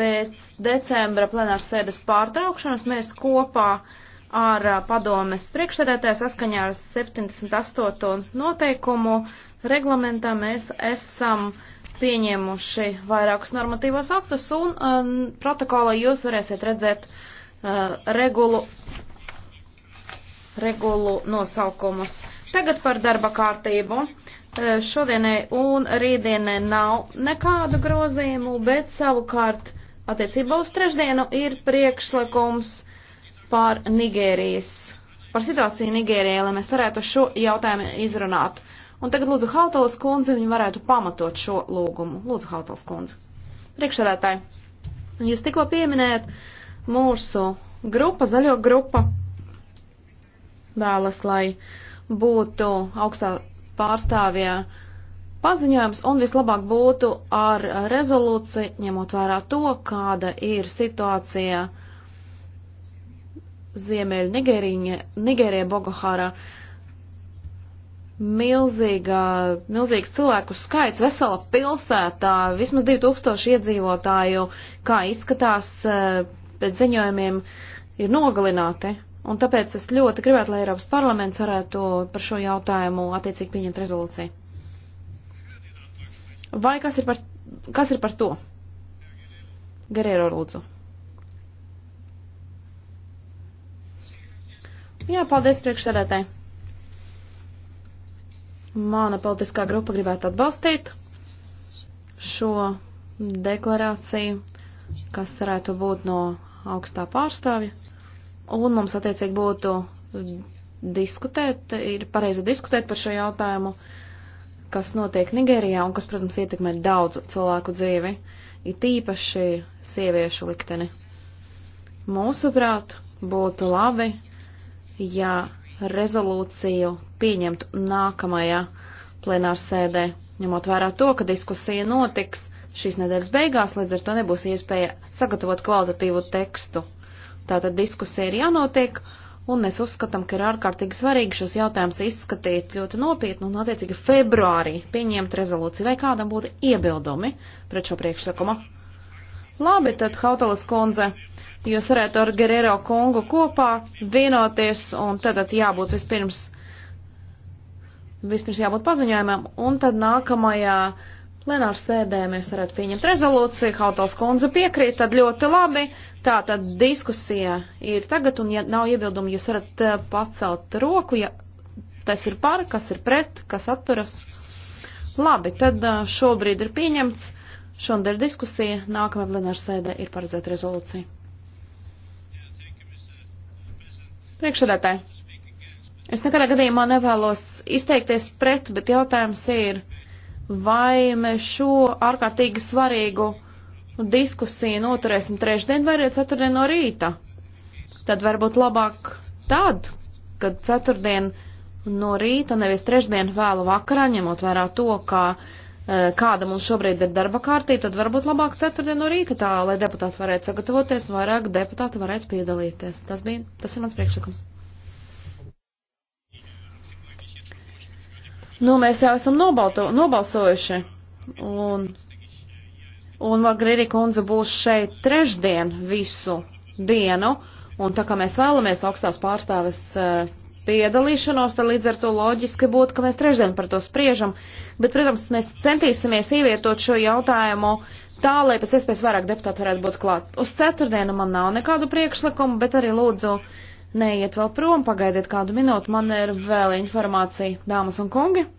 Pēc decembra plenāras sēdes pārtraukšanas mēs kopā ar padomes priekšsēdētāju saskaņā ar 78. noteikumu reglamentā mēs esam pieņēmuši vairākus normatīvos aktus un um, protokolā jūs varēsiet redzēt uh, regulu, regulu nosaukumus. Tagad par darba kārtību šodienai un rītdienai nav nekādu grozījumu, bet savukārt Attiecībā uz trešdienu ir priekšlikums par Nigērijas, par situāciju Nigērijā, lai mēs varētu šo jautājumu izrunāt. Un tagad lūdzu Hautalas kundze, viņa varētu pamatot šo lūgumu. Lūdzu Hautalas kundze. Priekšsēdētāji, jūs tikko pieminējat mūsu grupa, zaļo grupa, vēlas, lai būtu augstā pārstāvjā uh, paziņojums, un vislabāk būtu ar rezolūciju, ņemot vērā to, kāda ir situācija Ziemeļa Nigērija, Bogohārā. Milzīga, milzīgs cilvēku skaits, vesela pilsētā, vismaz 2000 iedzīvotāju, kā izskatās eh, pēc ziņojumiem, ir nogalināti. Un tāpēc es ļoti gribētu, lai Eiropas parlaments varētu par šo jautājumu attiecīgi pieņemt rezolūciju. Vai kas ir par, kas ir par to? Garēro lūdzu. Jā, paldies priekšsēdētāji. Mana politiskā grupa gribētu atbalstīt šo deklarāciju, kas varētu būt no augstā pārstāvja. Un mums attiecīgi būtu diskutēt, ir pareizi diskutēt par šo jautājumu. Uh, kas notiek Nigērijā un kas, protams, ietekmē daudzu cilvēku dzīvi, ir tīpaši sieviešu likteni. Mūsuprāt, būtu labi, ja rezolūciju pieņemtu nākamajā plenārsēdē, ņemot vērā to, ka diskusija notiks šīs nedēļas beigās, līdz ar to nebūs iespēja sagatavot kvalitatīvu tekstu. Tātad diskusija ir jānotiek, un mēs uzskatām, ka ir ārkārtīgi svarīgi šos jautājumus izskatīt ļoti nopietni un, attiecīgi, februārī pieņemt rezolūciju, vai kādam būtu iebildumi pret šo priekšlikumu. Labi, tad Hautalas kundze, jūs varētu ar Gerero kungu kopā vienoties, un tad jābūt vispirms, vispirms jābūt paziņojumam, un tad nākamajā plenāru sēdē mēs varētu pieņemt rezolūciju, Hautals kundze piekrīt, tad ļoti labi. Tā tad diskusija ir tagad, un ja nav iebildumi, jūs varat eh, pacelt roku, ja tas ir par, kas ir pret, kas atturas. Labi, tad eh, šobrīd ir pieņemts, šodien ir diskusija, nākamajā plenāru sēdē ir paredzēta rezolūcija. Priekšsēdētāji, es nekādā gadījumā nevēlos izteikties pret, bet jautājums ir vai mēs šo ārkārtīgi svarīgu diskusiju noturēsim trešdien vai arī ceturtdien no rīta. Tad varbūt labāk tad, kad ceturtdien no rīta, nevis trešdien vēlu vakarā, ņemot vērā to, kā, e, kāda mums šobrīd ir darba kārtība, tad varbūt labāk ceturtdien no rīta tā, lai deputāti varētu sagatavoties un vairāk deputāti varētu piedalīties. Tas bija, tas ir mans priekšlikums. Nu, mēs jau esam nobalto, nobalsojuši. Un, un Margarīri kundze būs šeit trešdien visu dienu. Un tā kā mēs vēlamies augstās pārstāves uh, piedalīšanos, tad līdz ar to loģiski būtu, ka mēs trešdien par to spriežam. Bet, protams, mēs centīsimies ievietot šo jautājumu tā, lai pēc iespējas vairāk deputāti varētu būt klāt. Uz ceturtdienu man nav nekādu priekšlikumu, bet arī lūdzu Neiet vēl prom, pagaidiet kādu minūtu, man ir vēl informācija, dāmas un kungi.